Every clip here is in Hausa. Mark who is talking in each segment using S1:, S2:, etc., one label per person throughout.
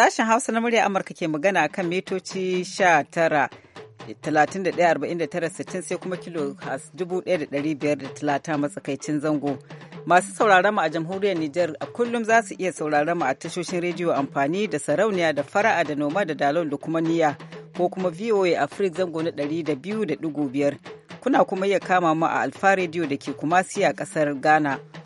S1: Sashen Hausa na murya Amurka ke magana kan mitoci 19 sai kuma kilo 1530 matsakaicin zango. Masu sauraron mu a jamhuriyar Nijar a kullum za su iya sauraron mu a tashoshin rediyo amfani da sarauniya da fara'a da noma da dalon da kuma niya ko kuma VOA Africa zango na 200.5 kuna kuma iya kama mu a Alfa rediyo da ke Kumasi a kasar Ghana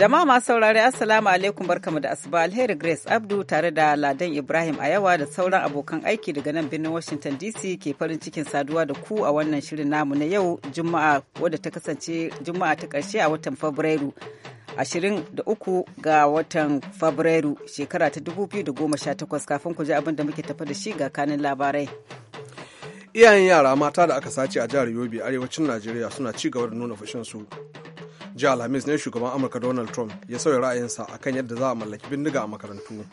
S1: Jama'a masu saurari Assalamu alaikum barkamu da asuba alheri Grace Abdu tare da Ladan Ibrahim ayawa da sauran abokan aiki daga nan birnin Washington DC ke farin cikin saduwa da ku a wannan shirin namu na yau Juma'a wadda ta kasance Juma'a ta karshe a watan Fabrairu. 23 ga watan Fabrairu shekara ta 2018 kafin ku ji abin da muke tafa da shi ga kanin labarai.
S2: Iyayen yara mata da aka sace a jihar Yobe arewacin Najeriya suna ci gaba da nuna su ji alhamis ne shugaban amurka donald trump ya sauya ra'ayinsa akan yadda za a mallaki bindiga a makarantu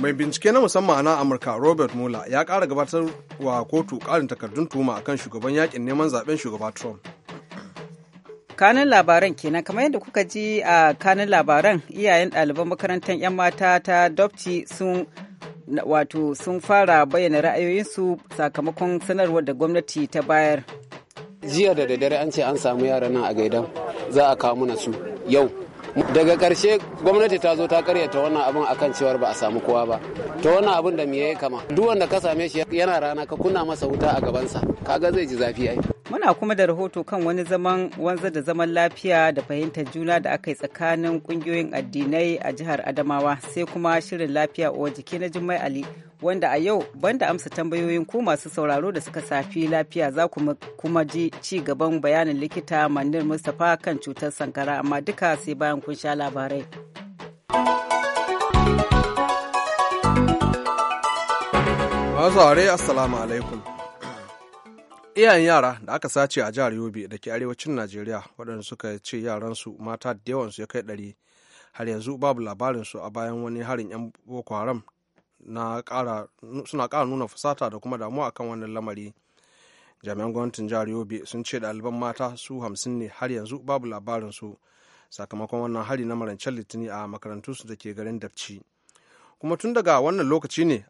S2: mai bincike na musamman na amurka robert mueller ya kara gabatar wa kotu karin takardun tuhuma akan shugaban yakin neman zaben shugaba
S1: trump kanun labaran kenan kamar yadda kuka ji a kanun labaran iyayen ɗaliban makarantar 'yan mata ta dofti sun wato sun fara bayyana ra'ayoyinsu sakamakon sanarwar da gwamnati ta bayar jiya da daddare an ce an samu yara nan a gaidan za a kawo mana su yau daga ƙarshe
S3: gwamnati ta zo ta karyata wannan abin akan cewar ba a samu kowa ba ta wannan abin da me yayi kama duk wanda ka same shi yana rana ka kunna masa wuta a gabansa kaga zai ji zafi ai
S1: Muna kuma da rahoto kan wani zaman wanzar da zaman lafiya da fahimtar juna da aka yi tsakanin kungiyoyin addinai a jihar Adamawa sai kuma shirin lafiya uwa jiki na Jummai Ali wanda a yau banda amsa tambayoyin ku masu sauraro da suka safi lafiya za ku kuma ji ci gaban bayanin likita Manir Mustapha kan cutar sankara amma duka sai bayan kun sha labarai.
S2: Masu assalamu alaikum. iyayen yara da aka sace a jihar yobe da ke arewacin najeriya waɗanda suka ce yaransu mata da yawansu ya kai ɗari har yanzu babu labarinsu a bayan wani harin 'yan boko haram suna ƙara nuna fusata da kuma damuwa akan wannan lamari jami'an gwamnatin jihar yobe sun ce ɗaliban mata su hamsin ne har yanzu babu labarinsu sakamakon wannan hari na marancen litini a makarantunsu da ke garin dabci kuma tun daga wannan lokaci ne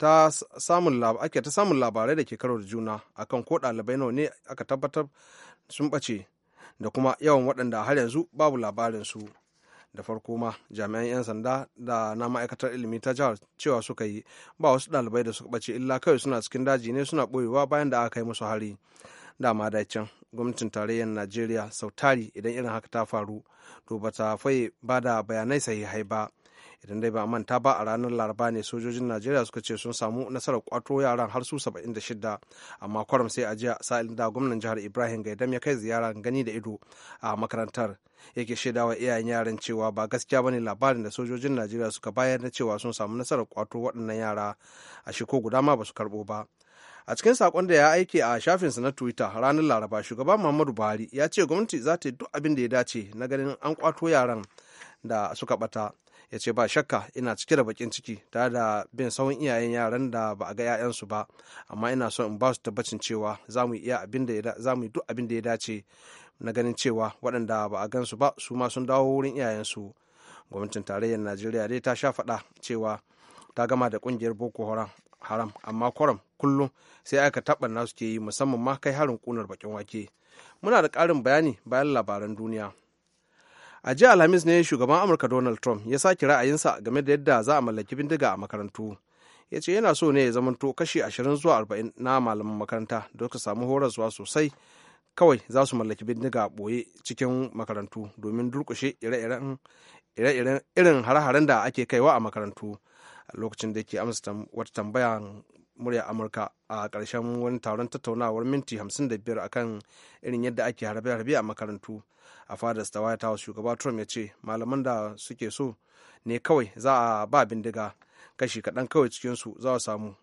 S2: ta samun ake ta samun labarai da ke karar da juna akan ko ɗalibai nawa ne aka tabbatar sun ɓace da kuma yawan waɗanda har yanzu babu labarin su da farko ma jami'an 'yan sanda da na ma'aikatar ilimi ta jihar cewa suka yi ba wasu ɗalibai da suka ɓace illa kawai suna cikin daji ne suna ɓoyewa bayan da aka yi musu hari dama da can gwamnatin tarayyar najeriya sau tari idan irin haka ta faru to bata ta faye ba da bayanai sahihai ba idan dai ba manta ba a ranar laraba ne sojojin najeriya suka ce sun samu nasarar kwato yaran har su 76 amma kwaram sai a jiya sa'ilin da gwamnan jihar ibrahim gaidam ya kai ziyara gani da ido a makarantar yake shaidawa iyayen yaran cewa ba gaskiya bane labarin da sojojin najeriya suka bayar na cewa sun samu nasarar kwato waɗannan yara a shiko guda ma basu su karɓo ba a cikin sakon da ya aiki a shafinsa na twitter ranar laraba shugaban muhammadu buhari ya ce gwamnati za ta yi duk abin da ya dace na ganin an kwato yaran da suka bata ya ce ba shakka ina cike da bakin ciki tare da bin sauran iyayen yaran da ba a ga 'ya'yansu ba amma ina so in ba su tabbacin cewa za mu iya abin da yi duk abin da ya dace na ganin cewa waɗanda ba a gansu ba su ma sun dawo wurin iyayensu gwamnatin tarayyar najeriya dai ta sha faɗa cewa ta gama da ƙungiyar boko haram haram amma kwaram kullum sai aka taɓa nasu ke yi musamman ma kai harin ƙunar bakin wake muna da ƙarin bayani bayan labaran duniya a jiya alhamis ne shugaban amurka donald trump ya sake ra'ayinsa game da yadda za a mallaki bindiga a makarantu ya ce yana so ne ya zamanto kashi ashirin zuwa arba'in na malaman makaranta don su samu horaswa sosai kawai za su mallaki bindiga boye cikin makarantu domin durkushe ire-iren irin hare-haren da ake kaiwa a makarantu a lokacin da ke amsa wata tambaya murya amurka a ƙarshen wani taron tattaunawar minti 55 akan irin yadda ake harbe-harbe a makarantu a fadar ta white house shugaba trump ya ce malaman da suke so ne kawai za a ba bindiga kashi kaɗan kawai cikinsu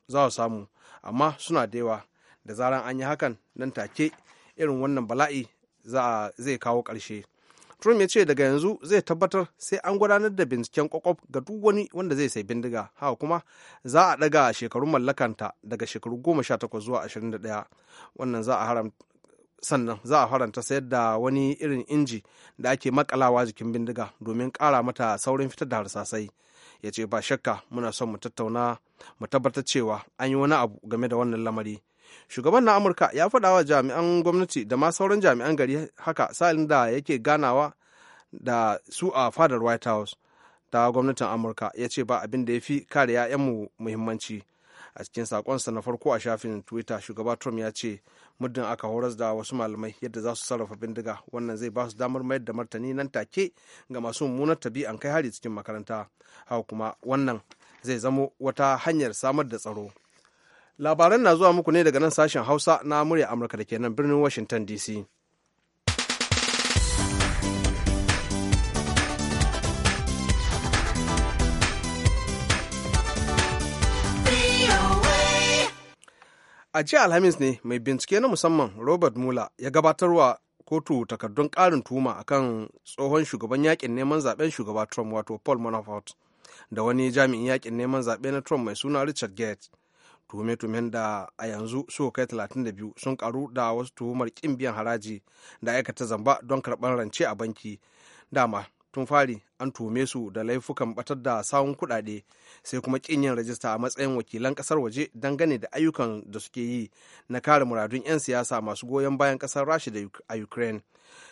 S2: za a samu amma suna da yawa da zaran an yi hakan nan take irin wannan bala'i zai kawo ƙarshe. Trump ya ce daga yanzu zai tabbatar sai an gudanar da binciken kwakwaf ga duk wani wanda zai sai bindiga, haka kuma za a daga shekarun mallakanta daga shekaru goma sha takwas zuwa ashirin da ɗaya. Wannan za a haram sannan za a faranta sayar da wani irin inji da ake makalawa jikin bindiga domin kara mata saurin fitar da harsasai. Ya ce ba shakka muna son mu tattauna mu tabbatar cewa an yi wani abu game da wannan lamari. shugaban na amurka ya faɗa wa jami'an gwamnati da ma sauran jami'an gari haka sa'in da yake ganawa da su a fadar white house ta gwamnatin amurka ya ce ba abin da ya fi kare mu muhimmanci a cikin sakonsa na farko a shafin twitter shugaba trump ya ce muddin aka horas da wasu malamai yadda za su sarrafa bindiga wannan zai ba su damar mayar da martani nan take ga masu mummunar tabi'an kai hari cikin makaranta haka kuma wannan zai zamo wata hanyar samar da tsaro labaran na zuwa muku ne daga nan sashen hausa na murya amurka da ke nan birnin washington dc a jiya alhamis ne mai bincike na musamman robert mueller ya gabatar wa kotu takardun karin tuma akan tsohon shugaban yakin neman zaben shugaba trump wato paul manafort da wani jami'in yakin neman zaɓe na trump mai suna richard gates tuhume-tuhumen da a yanzu su kai 32 sun karu da wasu tuhumar ƙin biyan haraji da aikata zamba don karɓar rance a banki dama tun fari an tuhume su da laifukan batar da sawun kuɗaɗe sai kuma kin yin rajista a matsayin wakilan ƙasar waje dangane da ayyukan da suke yi na kare muradun 'yan siyasa masu goyon bayan ƙasar rasha da a ukraine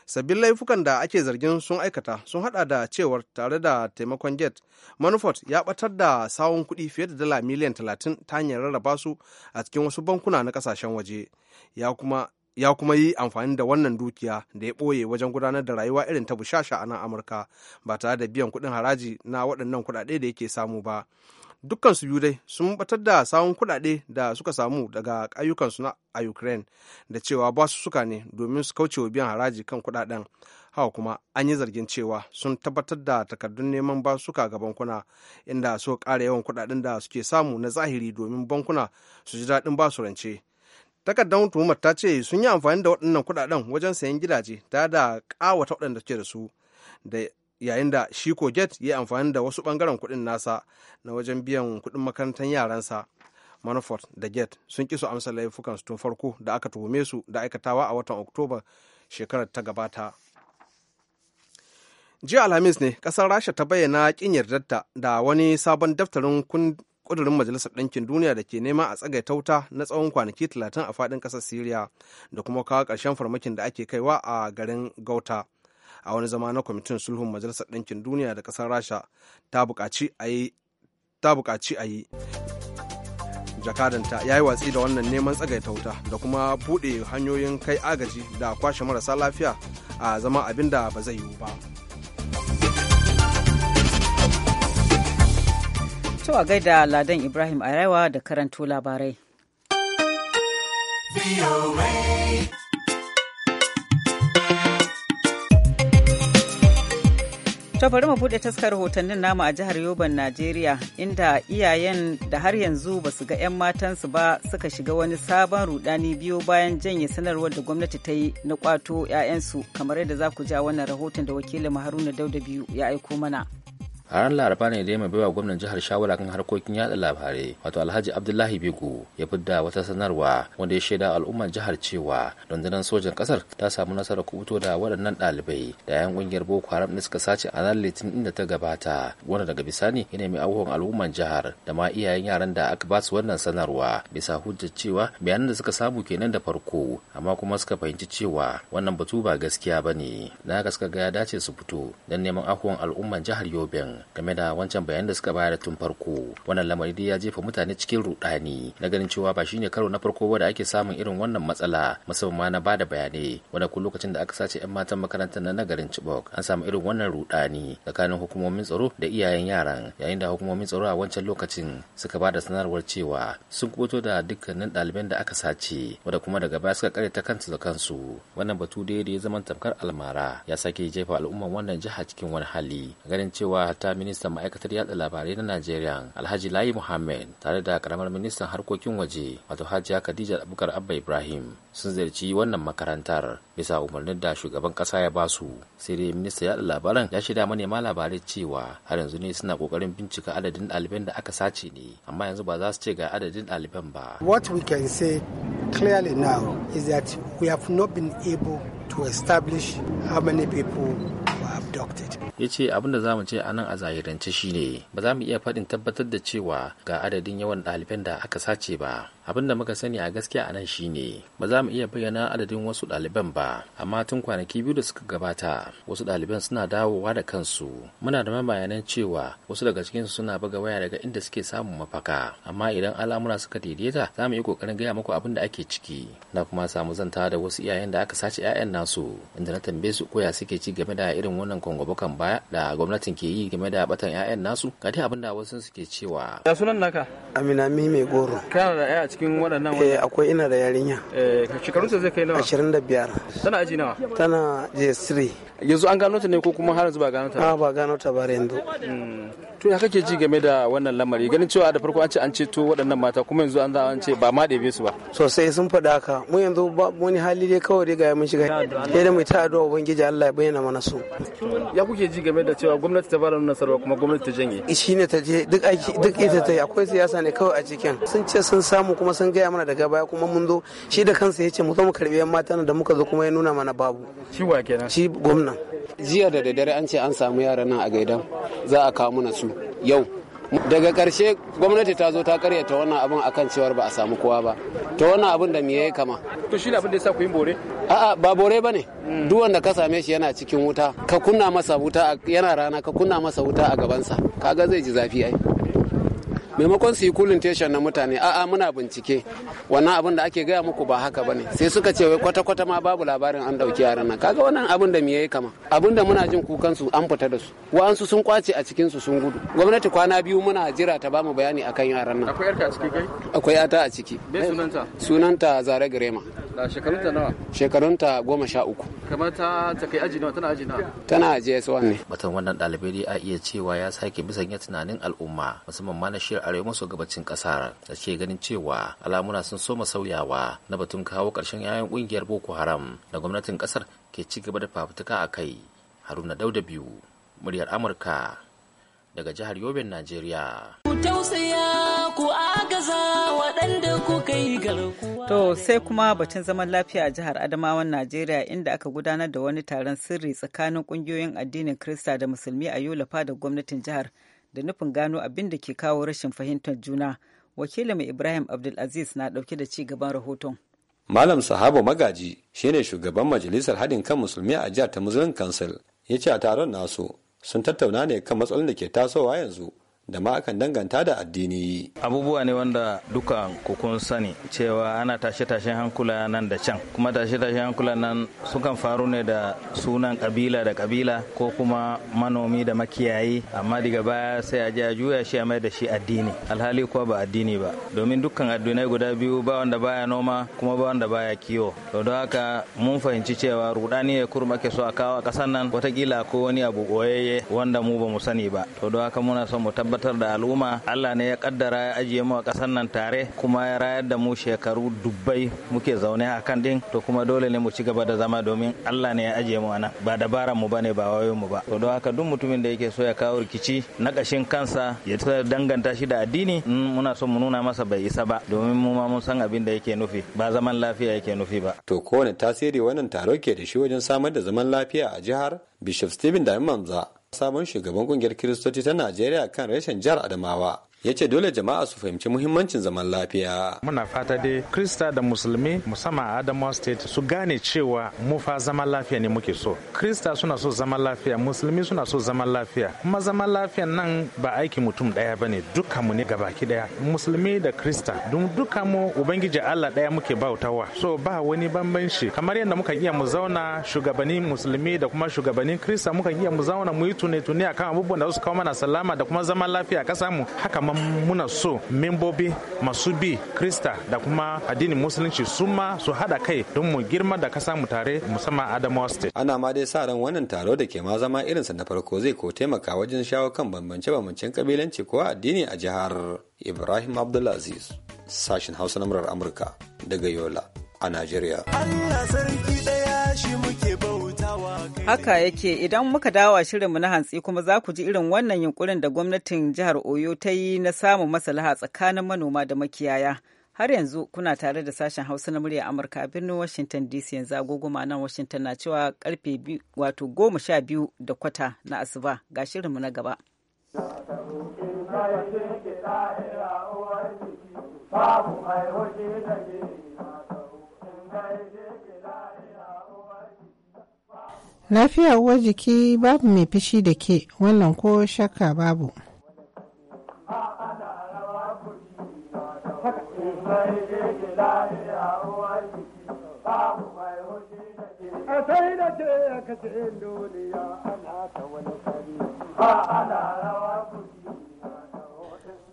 S2: sabbin laifukan da ake zargin sun aikata sun hada da cewar tare da taimakon jet manufort ya batar da sawun kuɗi fiye da dala miliyan 30 ta hanyar rarraba su a cikin wasu bankuna na ƙasashen waje ya kuma ya kuma yi amfani da wannan dukiya da ya ɓoye wajen gudanar da rayuwa irin ta bushasha a nan amurka ba tare da biyan kuɗin haraji na waɗannan kuɗaɗe da yake samu ba dukkansu biyu dai sun batar da sawun kuɗaɗe da suka samu daga ayyukansu na a ukraine da cewa ba su suka ne domin su kauce wa biyan haraji kan kuɗaɗen hawa kuma an yi zargin cewa sun tabbatar da takardun neman suka ga bankuna inda suka kara yawan kuɗaɗen da suke samu na zahiri domin bankuna su ji daɗin basu rance takardar hukumar ta ce sun yi amfani da waɗannan kuɗaɗen wajen sayan gidaje ta da ƙawata waɗanda ke da su da yayin da shiko get ya yi amfani da wasu ɓangaren kuɗin nasa na wajen biyan kuɗin makarantar yaransa manafort da get sun ƙi su amsa laifukan tun farko da aka tuhume su da aikatawa a watan oktoba shekarar ta gabata jiya alhamis ne ƙasar rasha ta bayyana ƙin yardarta da wani sabon daftarin ƙudurin majalisar ɗinkin duniya da ke nema a tsagai tauta na tsawon kwanaki talatin a faɗin ƙasar siriya da kuma kawo ƙarshen farmakin da ake kaiwa a garin gauta a wani zama na kwamitin sulhun majalisar ɗinkin duniya da ƙasar rasha ta buƙaci a yi jakadanta ya yi watsi da wannan neman tsagai tauta da kuma buɗe hanyoyin kai agaji da kwashe marasa lafiya a zama abin da ba zai yiwu ba.
S1: To a gaida Ladan Ibrahim Ayawa da karanto labarai. To bari mu buɗe taskar hotannin namu a jihar Yoban, Najeriya, inda iyayen da har yanzu ba su ga 'yan matansu ba suka shiga wani sabon rudani biyu bayan janye sanarwar da gwamnati ta yi na kwato 'ya'yansu kamar yadda za ku ja wannan rahoton da wakilin Haruna Dauda biyu ya aiko mana.
S4: a ranar laraba ne ya mai baiwa gwamnan jihar shawara kan harkokin yada labarai wato alhaji abdullahi bigu ya fidda wata sanarwa wanda ya shaida al'ummar jihar cewa rundunar sojan kasar ta samu nasarar kubuto da waɗannan ɗalibai da yan ƙungiyar boko haram da suka sace a ranar litinin inda ta gabata wanda daga bisani ya nemi abubuwan al'ummar jihar da ma iyayen yaran da aka basu wannan sanarwa bisa hujjar cewa bayanan da suka samu kenan da farko amma kuma suka fahimci cewa wannan batu ba gaskiya ba ne na haka suka ga ya dace su fito don neman ahuwan al'ummar jihar yobin game da wancan bayanin da suka bayar tun farko wannan lamari dai ya jefa mutane cikin rudani na ganin cewa ba shine karo na farko ba da ake samun irin wannan matsala musamman ma na bada bayanai wanda kun lokacin da aka sace yan matan makarantar na garin Chibok an samu irin wannan rudani tsakanin hukumomin tsaro da iyayen yaran yayin da hukumomin tsaro a wancan lokacin suka bada sanarwar cewa sun kubuto da dukkanin ɗaliban da aka sace wanda kuma daga baya suka karyata kansu da kansu wannan batu dai da ya zama tamkar almara ya sake jefa al'umman wannan jiha cikin wani hali ganin cewa ta ministan ma'aikatar yada labarai na Najeriya Alhaji Layi Muhammad tare da karamar ministan harkokin waje wato Hajiya Khadija Abubakar Abba Ibrahim sun ziyarci wannan makarantar bisa umarnin da shugaban kasa ya basu sai dai ministan yada labaran ya shida manema labarai cewa har yanzu ne suna kokarin bincika adadin ɗaliban da aka sace ne amma yanzu ba za su ce ga adadin ɗaliban ba.
S3: What we can say clearly now is that we have not been able to establish how many people
S4: abducted ya ce abin da za mu ce a nan a zahirance shine ba za mu iya faɗin tabbatar da cewa ga adadin yawan ɗaliban da aka sace ba abin da muka sani a gaskiya a nan shine ba za mu iya bayyana adadin wasu ɗaliban ba amma tun kwanaki biyu da suka gabata wasu ɗaliban suna dawowa da kansu muna da mabayanan cewa wasu daga cikinsu suna buga waya daga inda suke samun mafaka amma idan al'amura suka daidaita za mu yi ƙoƙarin gaya muku abin da ake ciki na kuma samu zanta da wasu iyayen da aka sace 'ya'yan nasu inda na tambaye su koya suke ci game da irin wannan kan baya da gwamnatin ke yi game da batan 'ya'yan nasu ga dai abin da wasu suke cewa
S3: ya sunan naka Amina mi mai goro kana da yaya cikin waɗannan eh akwai ina da yarinya eh shekarun zai kai nawa 25 tana aji nawa tana j3 yanzu an gano ta ne ko kuma har yanzu ba gano ta ba ah, ba gano ta ba yanzu
S4: hmm. to ya kake ji game da wannan lamari ganin cewa da farko an ce an ceto waɗannan mata kuma yanzu an za an ce ba ma ɗebe su ba
S3: sosai sun faɗa ka mu yanzu ba wani hali dai kawai dai ga mun shiga sai da mu ta addu'a ubangiji Allah ya bayyana mana su ya kuke ji game da cewa gwamnati ta fara nuna sarwa kuma gwamnati ta janye eh, shi ne ta je duk aiki duk ita ta yi akwai siyasa ne kawai a cikin sun ce sun samu kuma sun gaya mana daga baya kuma mun zo shi da kansa ya ce mu zo mu karbi yan mata da muka zo kuma ya nuna mana babu shi wa kenan shi gwamnan jiya da daddare an ce an samu yaran nan a gaidan za a kawo mana su yau daga ƙarshe gwamnati ta zo ta karyata wannan abin akan cewar ba a samu kowa ba ta wannan abin da me yayi kama to shi abin da yasa ku yin bore a'a ba bore bane duk wanda ka same shi yana cikin wuta ka kunna masa wuta yana rana ka kunna masa wuta a gabansa kaga zai ji zafi ai maimakon su yi kulin teshan na mutane a'a muna bincike wannan abin da ake gaya muku ba haka bane sai suka ce wai kwata kwata ma babu labarin an dauki yaran nan kaga wannan abin da miye kama abin da muna jin kukan su an fita da su wa'ansu sun kwace a cikin su sun gudu gwamnati kwana biyu muna jira ta bamu bayani akan yaran nan akwai yarka a ciki kai akwai yata a ciki sunanta sunanta zare shekarun shekarunta nawa shekarunta goma sha uku
S4: kamar ta ta kai aji nawa tana aji nawa
S3: tana aji s ne mutum wannan dalibai a iya cewa
S4: ya sake ya tunanin al'umma musamman ma na shirin arewa maso gabacin kasar da ke ganin cewa alamuna sun soma sauyawa na batun kawo ƙarshen 'ya'yan ƙungiyar boko haram da gwamnatin kasar ke ci gaba da fafutuka a kai haruna dauda biyu muryar amurka
S1: daga jihar yobin najeriya To sai kuma batun zaman lafiya a jihar Adamawan Najeriya inda aka gudanar da wani taron sirri tsakanin kungiyoyin addinin Krista da Musulmi a Yola da gwamnatin jihar. da nufin gano abin da ke kawo rashin fahimtar juna wakilin ibrahim abdulaziz na dauke da ci gaban rahoton
S4: malam sahaba magaji shine shugaban majalisar haɗin kan musulmi a jihar ta muslim council ya ce a taron nasu sun tattauna ne kan matsalolin da ke tasowa yanzu da ma akan danganta da addini. Abubuwa ne wanda duka kukun sani cewa ana tashe-tashen hankula nan da can. Kuma tashe-tashen hankula nan sukan faru ne da sunan kabila da kabila ko kuma manomi da makiyayi amma daga baya sai a ja juya shi a mai da shi addini. Alhali kuwa ba addini ba. Domin dukkan addinai guda biyu ba wanda baya noma kuma ba wanda baya kiwo. To don haka mun fahimci cewa rudani ya kurma ke so a kawo a nan nan watakila ko wani abu boyayye wanda mu ba mu sani ba. To don haka muna son mu tabbatar tabbatar da al'umma Allah ne ya kaddara ya ajiye mu a ƙasar nan tare kuma ya rayar da mu shekaru dubbai muke zaune a kan din to kuma dole ne mu ci gaba da zama domin Allah ne ya ajiye mu anan ba dabaran mu bane ba wayoyin mu ba to don haka duk mutumin da yake so ya kawo rikici na kashin kansa ya danganta shi da addini muna so mu nuna masa bai isa ba domin mu ma mun san abin da yake nufi ba zaman lafiya yake nufi ba to kowane tasiri wannan taro ke da shi wajen samar da zaman lafiya a jihar bishop stephen da mamza sabon shugaban kungiyar kiristoci ta najeriya kan reshen jihar adamawa ya ce dole jama'a su fahimci muhimmancin zaman lafiya.
S2: Muna fata dai Krista da Musulmi musamman a Adamawa State su gane cewa mu fa zaman lafiya ne muke so. Krista suna so zaman lafiya, Musulmi suna so zaman lafiya. Kuma zaman lafiya nan ba aiki mutum ɗaya ba ne duka mu ne gabaki ɗaya. Musulmi da Krista don duka mu Ubangiji Allah ɗaya muke bautawa. So ba wani bambanci kamar yadda muka iya mu zauna shugabannin Musulmi da kuma shugabannin Krista muka iya mu zauna mu yi tune-tune akan abubuwan da su kawo mana salama da kuma zaman lafiya a ƙasar mu haka muna so membobi masu bi krista da kuma addinin musulunci su ma su hada kai don mu girma da kasa mu tare musamman adamawa
S4: state ana ma dai sa ran wannan taro da ke ma zama irinsa na farko zai ko taimaka wajen shawo kan bambance-bambancen kabilanci ko addini a jihar ibrahim abdulaziz sashen hausa na murar
S1: amurka daga yola a najeriya
S5: allah sarki daya shi
S1: Haka yake idan muka dawo shirinmu na hantsi kuma za ku ji irin wannan yunkurin da gwamnatin jihar Oyo ta yi na samun maslaha tsakanin manoma da makiyaya. Har yanzu kuna tare da sashen Hausa na murya Amurka a birnin Washington DC yanzu agogoma nan Washington na cewa karfe wato goma sha biyu da kwata na asuba ga shirinmu na gaba.
S6: Lafiya uwar jiki babu mai fishi da ke wannan ko shakka babu.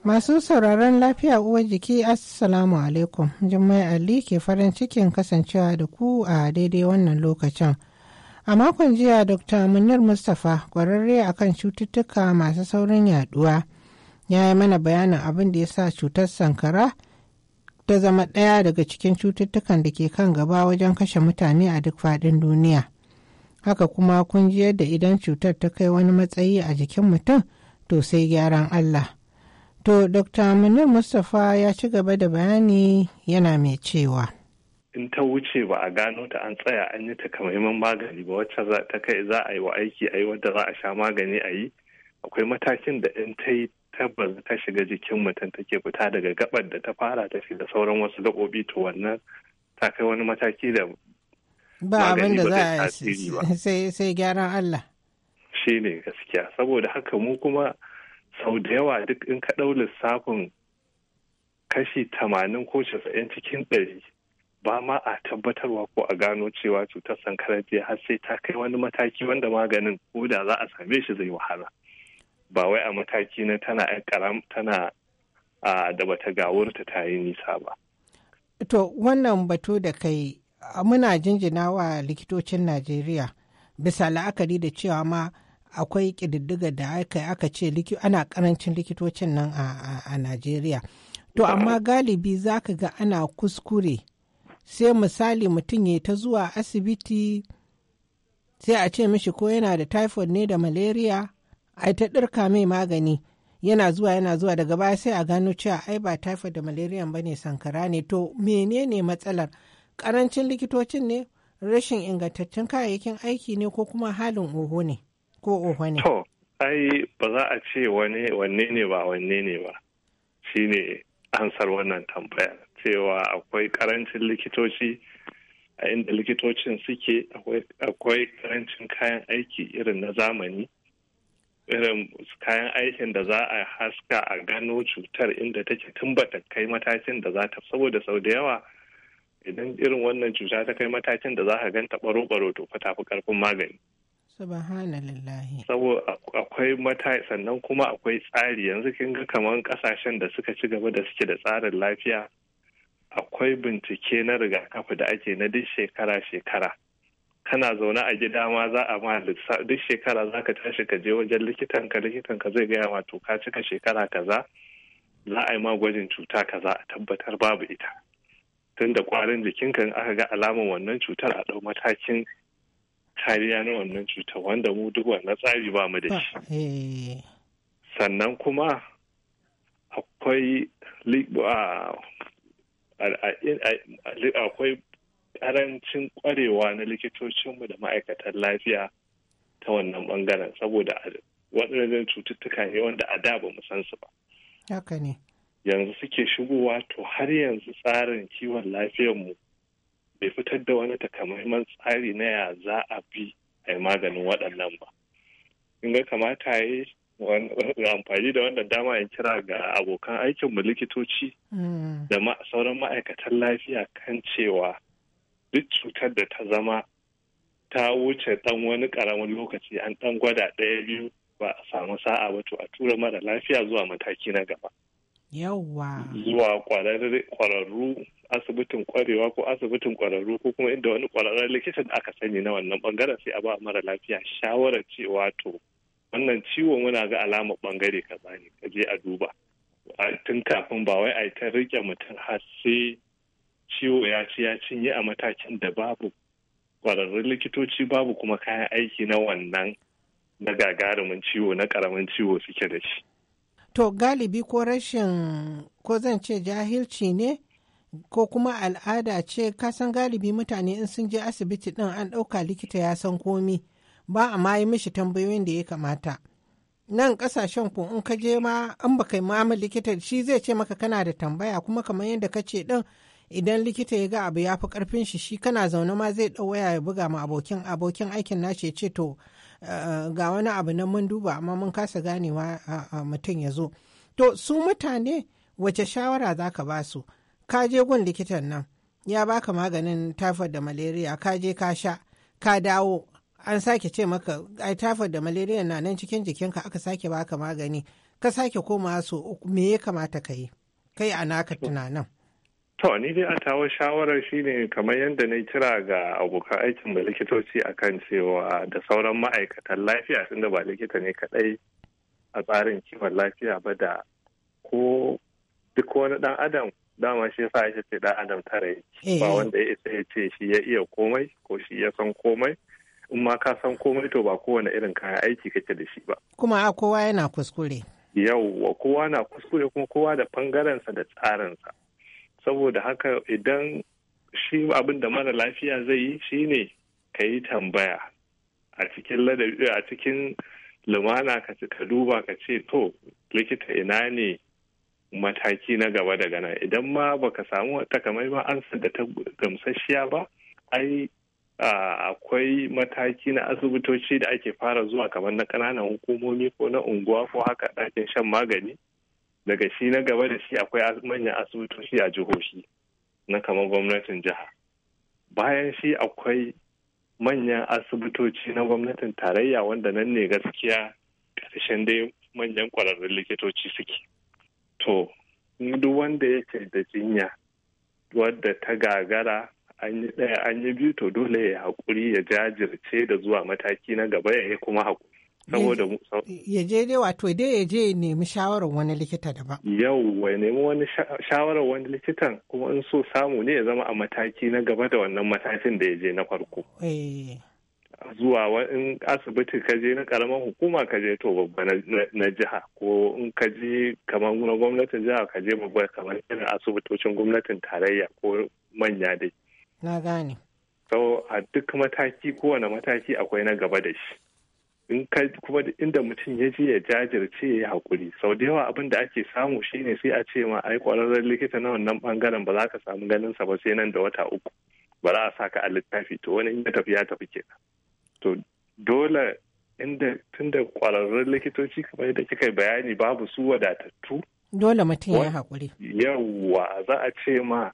S6: Masu sauraron lafiya uwar jiki Assalamu alaikum Jummai Ali ke farin cikin kasancewa da ku a daidai wannan lokacin. A makon jiya Dr. Munir Mustapha kwararre kan cututtuka masu saurin yaduwa ya yi mana bayanin abin da ya sa cutar sankara ta zama ɗaya daga cikin cututtukan da ke kan gaba wajen kashe mutane a duk faɗin duniya. Haka kuma kun ji yadda idan cutar ta kai wani matsayi a jikin mutum to sai gyaran Allah. To, Dr. Munir Mustapha ya ci gaba da bayani yana mai cewa.
S7: in ta wuce ba a gano ta an tsaya an yi takamaiman magani ba wacce za ta kai za a yi wa aiki a yi wadda za a sha magani a yi akwai matakin da in ta yi tabbas ta shiga jikin mutum take fita daga gabar da ta fara ta da sauran wasu gabobi to wannan ta kai wani mataki da
S6: ba abin da za a sai gyaran Allah
S7: shi ne gaskiya saboda haka mu kuma sau da yawa duk in ka ɗau lissafin kashi tamanin ko casa'in cikin ɗari ba ma a tabbatarwa ko a gano cewa cutar sankarar ce har sai ta kai wani mataki wanda maganin ko da za a same shi zai wahala ba wai a mataki na tana karam tana da bata gawurta ta yi nisa ba
S6: to wannan batu da kai muna jinjina wa likitocin najeriya bisa la'akari da cewa ma akwai ƙididdiga da aka aka ce ana karancin likitocin nan a najeriya to amma galibi za ga ana kuskure sai misali mutum ya ta zuwa asibiti sai a ce mishi ko yana da typhoid ne da malaria ai ta ɗirka mai magani yana zuwa yana zuwa daga baya sai a gano cewa ai ba typhoid da malaria ba ne sankara ne to menene matsalar ƙarancin likitocin ne rashin ingantaccen kayayyakin aiki ne ko kuma halin oho ne ko oho ne
S7: ai ba za a ce wanne ne ba wanne ne ba shine ansar wannan tambayar cewa akwai karancin likitoci a inda likitocin suke akwai karancin kayan aiki irin na zamani irin kayan aikin da za a haska a gano cutar inda take tun bata kai matakin da za ta saboda sau da yawa idan irin wannan cuta ta kai matakin da za ka ganta baro-baro to fata tafi karfin magani sabo akwai mata sannan kuma akwai tsari yanzu kin ga kaman kasashen da suka ci gaba da suke da tsarin lafiya akwai bincike na rigakafi da ake na duk shekara-shekara kana zaune a gida ma za a ma duk shekara za ka tashi ka je wajen likitan likitanka ka zai gaya wato ka cika shekara kaza za a yi ma gwajin cuta kaza a tabbatar babu ita tunda kwarin jikin ka aka ga alamun wannan cutar a ɗau matakin kariya na wannan cutar wanda mu duk wannan tsari ba mu da
S8: shi eh.
S7: sannan kuma akwai akwai karancin kwarewa na likitocinmu da ma'aikatan lafiya ta wannan bangaren saboda waɗannan cututtuka ne wanda a da ba mu san su ba. Haka ne. Yanzu suke shigowa to har yanzu tsarin kiwon lafiyarmu bai fitar da wani takamaiman tsari na ya za a bi a yi maganin waɗannan ba. In ga kamata ya yi amfani da wannan dama in kira ga abokan aikinmu likitoci
S8: hmm. da
S7: sauran ma'aikatan lafiya kan cewa duk cutar da ta zama ta wuce dan wani karamin lokaci an ɗan gwada ɗaya biyu ba a samu sa'a ba to a tura mara lafiya zuwa mataki na gaba.
S6: Yawwa.
S7: Zuwa ƙwararru asibitin ƙwarewa ko asibitin ƙwararru ko kuma inda wani ƙwararren likitan da aka sani na wannan bangaren sai a ba mara lafiya shawarar cewa to wannan ciwo muna ga alamar bangare kaza ne ka je a duba tun kafin ba wai a yi ta rike mutum har sai ciwo ya ci ya cinye a matakin da babu kwararrun likitoci babu kuma kayan aiki na wannan na gagarumin ciwo na karamin ciwo suke da shi.
S6: To galibi ko rashin ko zan ce jahilci ne ko kuma al'ada ce kasan galibi mutane in sun je asibiti ɗin an ɗauka likita ya san komi ba a ma yi mishi tambayoyin da ya kamata nan kasashen ku in ka je ma an ba kai ma likita shi zai ce maka kana da tambaya kuma kamar yadda ka ce din idan likita ya ga abu ya fi karfin shi shi kana zaune ma zai ɗau waya ya buga ma abokin abokin aikin nashi ce ce to eh, ga wani abu nan mun duba amma mun kasa ganewa eh, mutum ya zo to su mutane wace shawara za ka ba su ka je gun likitan nan ya baka maganin taifoid da malaria ka je ka sha ka dawo an sake ce maka ai tafa da malaria na nan cikin jikinka aka sake baka magani ka sake koma so me ya kamata ka yi kai a naka tunanin
S7: To, ni dai a tawo shawarar shine kamar yadda na kira ga abokan aikin da likitoci kan cewa da sauran ma'aikatan lafiya tunda ba likita ne kadai a tsarin kiwon lafiya ba da ko duk wani dan adam dama shi yasa ake ce dan adam tare eh. ba wanda ya isa ya ce shi ya iya komai ko shi ya san komai in ma ka san komai to ba kowane irin kayan aiki kake da shi ba
S6: kuma a kowa yana kuskure
S7: yauwa kowa na kuskure kuma kowa da ɓangarensa da tsarinsa saboda haka idan shi abin da mara lafiya zai yi shi ne ka yi tambaya a cikin ladabi a cikin lumana ka duba ka ce to likita ina ne mataki na gaba daga nan idan ma baka samu takamaiman ansa da ta gamsasshiya ba ai akwai mataki na asibitoci da ake fara zuwa kamar na ƙananan hukumomi ko na unguwa ko haka ɗakin shan magani daga shi na gaba da shi akwai manyan asibitoci a jihohi na kamar gwamnatin jiha bayan shi akwai manyan asibitoci na gwamnatin tarayya wanda nan ne gaskiya ƙarshen dai manyan ƙwararrun likitoci suke to duk wanda yake da jinya wadda ta gagara an yi ɗaya an biyu to dole ya haƙuri ya jajirce da zuwa mataki na gaba ya yi kuma haƙuri. Saboda mu.
S6: Ya je dai wato dai ya je ya nemi shawarar wani likita ba.
S7: Yau ya nemi wani shawarar wani likitan kuma in so samu ne ya zama a mataki na gaba da wannan matakin da ya je na farko. Eh. zuwa in asibiti ka je na karamar hukuma ka je to babba na jiha ko in ka je kamar gwamnatin jiha ka je babba kamar irin asibitocin gwamnatin tarayya ko manya dai Na gane. So a duk mataki kowane mataki akwai na gaba da shi. In kuma inda mutum ya je ya jajirce ya yi haƙuri. Sau da yawa abin da ake samu shi ne sai a ce ma ai ƙwararren likita na wannan ɓangaren ba za ka samu ganin sa ba sai nan da wata uku. Ba za a sa ka a littafi to wani inda ya tafi ya tafi To dole inda tunda ƙwararren likitoci kamar yadda kika bayani babu su wadatattu
S6: dole mutum ya haƙuri
S7: yawwa za a ce ma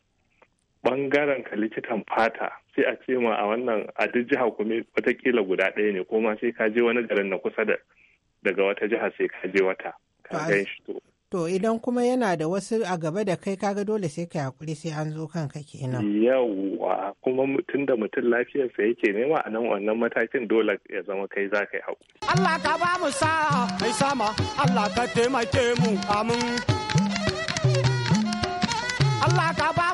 S7: bangaren ka likitan fata sai a ce ma a wannan a duk jiha kuma watakila guda ɗaya ne kuma sai ka je wani garin na kusa da daga wata jiha sai ka je wata ka
S6: to idan kuma yana da wasu a gaba da kai kaga dole sai ka hakuri sai an zo kanka kenan
S7: yawwa kuma mutum da mutum lafiyarsa yake nema a nan wannan matakin dole ya zama kai za ka yi hakuri
S5: Allah ka ba mu sa mai sama Allah ka taimake mu amin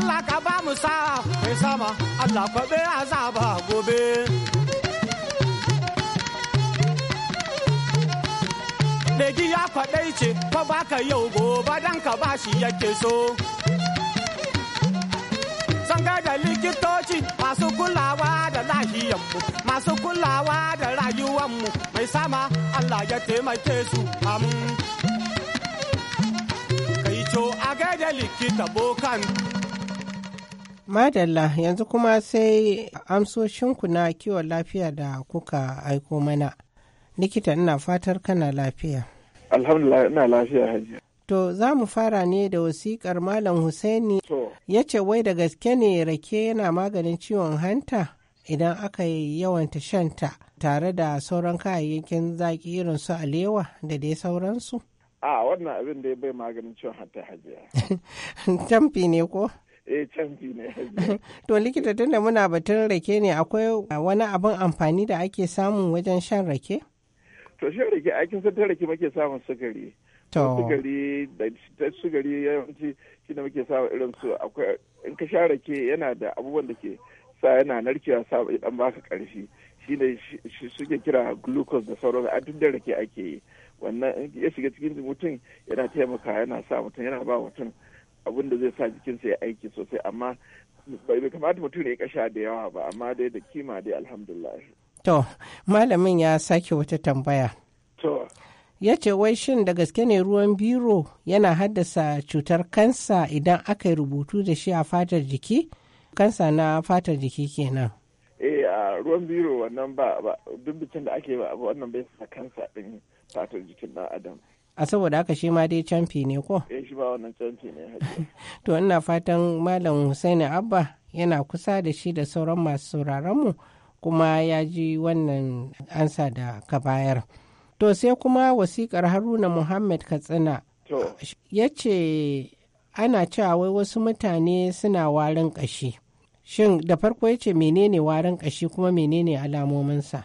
S5: Allah ka ba mu sa mai sama Allah kwabe azaba gobe. Legi ya kwaɗai ce fa baka yau gobe dan ka ba shi yake so. Sanga da likitoci masu kulawa da lahiyanmu masu kulawa da rayuwanmu mai sama Allah ya taimake su am. Kai co a gaida likita bokan
S6: Madalla yanzu kuma sai amsoshinku na kiwon lafiya da kuka aiko mana. Likita ina fatar kana lafiya.
S8: Alhamdulillah ina lafiya hajiya.
S6: To za mu fara ne da wasiƙar Malam Husaini ya ce wai da gaske ne rake yana maganin ciwon hanta idan aka yi yawanta shanta tare da sauran kayayyakin zaƙi irin su alewa da dai sauransu.
S8: A wannan abin da ya bai maganin ciwon hanta hajiya.
S6: Tamfi ne ko?
S8: e ne
S6: to likita tunda muna batun rake ne akwai wani abin amfani da ake samu wajen shan rake
S8: to shan rake a kin san rake muke samun sukari to sukari da sukari yawanci shi da muke samun irin su akwai in ka sha rake yana da abubuwan da ke sa yana narkewa sa dan baka karfi ne shi suke kira glucose da sauran a duk da rake ake yi wannan ya shiga cikin mutum yana taimaka yana sa mutum yana ba mutum abin da zai sa jikinsa ya aiki sosai amma bai kamata mutum ya kasha da yawa ba amma dai da kima dai alhamdulillah
S6: to malamin ya sake wata tambaya to ya ce wai shin da gaske ne ruwan biro yana haddasa cutar kansa idan aka yi rubutu da shi a fatar jiki kansa na fatar jiki kenan
S8: eh a ruwan biro wannan ba duk bikin da ake wannan bai sa kansa din fatar jikin ɗan adam
S6: a saboda haka shi ma dai canfi ne ko
S8: eh shi ba wannan canfi ne
S6: to ina fatan malam Hussaini Abba yana kusa da shi da sauran masu sauraron mu kuma ya ji wannan ansa da ka bayar to sai kuma wasikar Haruna Muhammad Katsina ya ce ana cewa wai wasu mutane suna warin ƙashi shin da farko ya ce menene warin ƙashi kuma menene alamominsa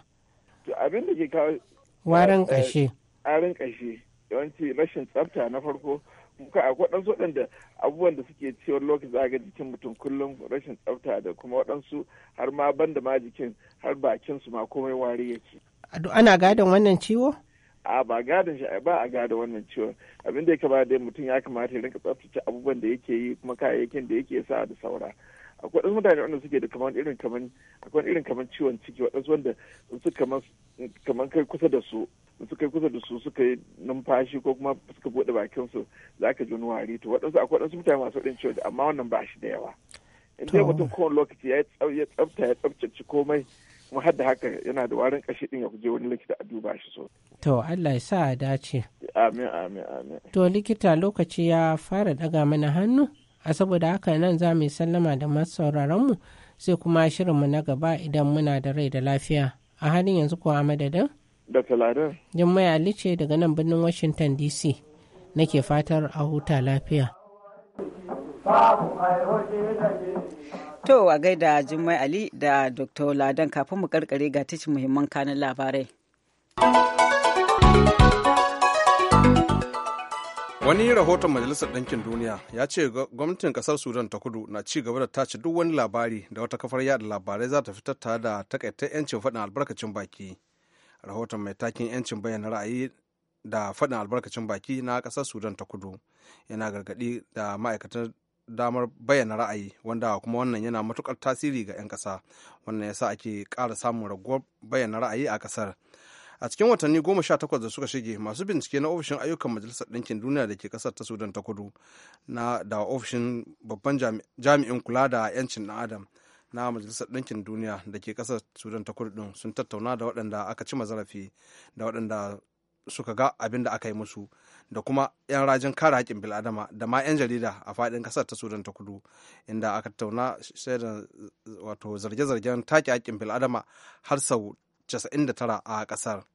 S8: abin da ke kawo warin eh, ƙashi warin ƙashi yawanci rashin tsafta na farko muka a waɗansu waɗanda abubuwan da suke ciwon lokaci za ga jikin mutum kullum rashin tsafta da kuma waɗansu har ma banda ma jikin har bakin su ma komai wari yake.
S6: ana gadon wannan ciwo?
S8: a ba gadon shi ba a gada wannan ciwon abin da ya kamata dai mutum ya kamata ya rinka tsaftace abubuwan da yake yi kuma kayayyakin da yake sa da saura. akwai wasu mutane wanda suke da kamar irin kamar akwai irin kamar ciwon ciki wadansu wanda su kamar kamar kai kusa da su su kai kusa da su suka yi numfashi ko kuma suka bude bakin su za ka ji wari to wadansu akwai wadansu mutane masu ɗin ciwon amma wannan ba shi da yawa in dai mutum kowane lokaci ya tsafta ya tsaftace komai kuma hadda da haka yana da warin kashi din ya kuje wani likita a duba shi so.
S6: To Allah ya sa a dace.
S8: Amin amin amin. To
S6: likita lokaci ya fara daga mana hannu? a saboda haka nan za mu sallama da masauraranmu sai kuma shirinmu na gaba idan muna da rai da lafiya a halin yanzu kuwa a madadin da jimmai ali ce daga nan birnin washington dc nake fatar a huta lafiya
S1: To a gaida Jummai Ali da Dr. Ladan kafin mu karkare ga tashin muhimman kanin labarai.
S2: wani rahoton majalisar ɗinkin duniya ya ce gwamnatin ƙasar sudan ta kudu na ci gaba da tace duk wani labari da wata kafar yada labarai za ta fitar ta da takaitar 'yancin faɗin albarkacin baki rahoton mai takin 'yancin bayyana ra'ayi da faɗin albarkacin baki na kasar sudan ta kudu yana gargaɗi da ma'aikatan damar bayyana ra'ayi wanda kuma wannan yana matukar tasiri ga 'yan ƙasa wannan yasa ake ƙara samun raguwar bayyana ra'ayi a ƙasar a cikin watanni goma sha takwas da suka shige masu bincike na ofishin ayyukan majalisar ɗinkin duniya da ke ƙasar ta sudan ta kudu na da ofishin babban jami'in kula da 'yancin ɗan adam na majalisar ɗinkin duniya da ke ƙasar sudan ta kudu ɗin sun tattauna da waɗanda aka ci mazarafi da waɗanda suka ga abin da aka yi musu da kuma 'yan rajin kare haƙƙin bil'adama da ma 'yan jarida a faɗin ƙasar ta sudan ta kudu inda aka tattauna shaidan wato zarge-zargen take haƙƙin bil'adama har sau 99 a ƙasar.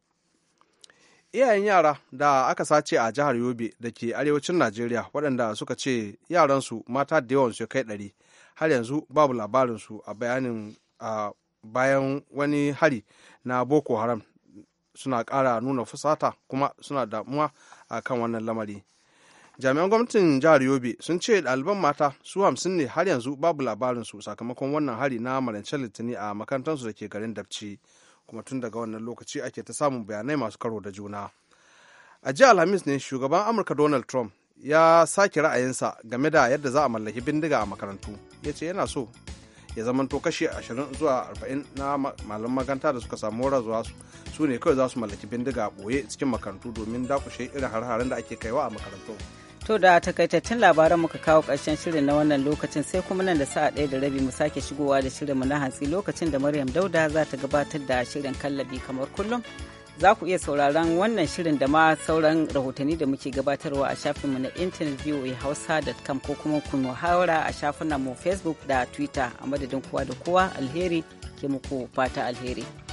S2: iyayen yara da aka sace a jihar yobe da ke arewacin najeriya waɗanda suka ce yaransu mata da yawan su kai ɗari har yanzu babu labarinsu a bayanin bayan wani hari na boko haram suna ƙara nuna fusata kuma suna damuwa a kan wannan lamari jami'an gwamnatin jihar yobe sun ce ɗaliban mata su hamsin ne har yanzu babu labarinsu sakamakon wannan hari na marancen litini a makarantarsu da ke garin dabci kuma tun daga wannan lokaci ake ta samun bayanai masu karo da juna a jiya alhamis ne shugaban amurka donald trump ya sake ra'ayinsa game da yadda za a mallaki bindiga a makarantu ya ce yana so ya zamanto kashi ashirin zuwa 40 na malaman makaranta da suka samu razuwa su ne kawai za su mallaki bindiga a ɓoye cikin makarantu domin dakushe irin har-haren da ake kaiwa a makarantu
S1: To da takaitattun labaran muka kawo ƙarshen shirin na wannan lokacin sai kuma nan da sa'a ɗaya da rabi mu sake shigowa da shirinmu na hantsi lokacin da Maryam Dauda za ta gabatar da shirin kallabi kamar kullum. Za ku iya sauraron wannan shirin da ma sauran rahotanni da muke gabatarwa a shafinmu na intanet kam ko kuma ku muhawara a shafinanmu Facebook da Twitter a madadin kowa da kowa alheri ke muku fata alheri.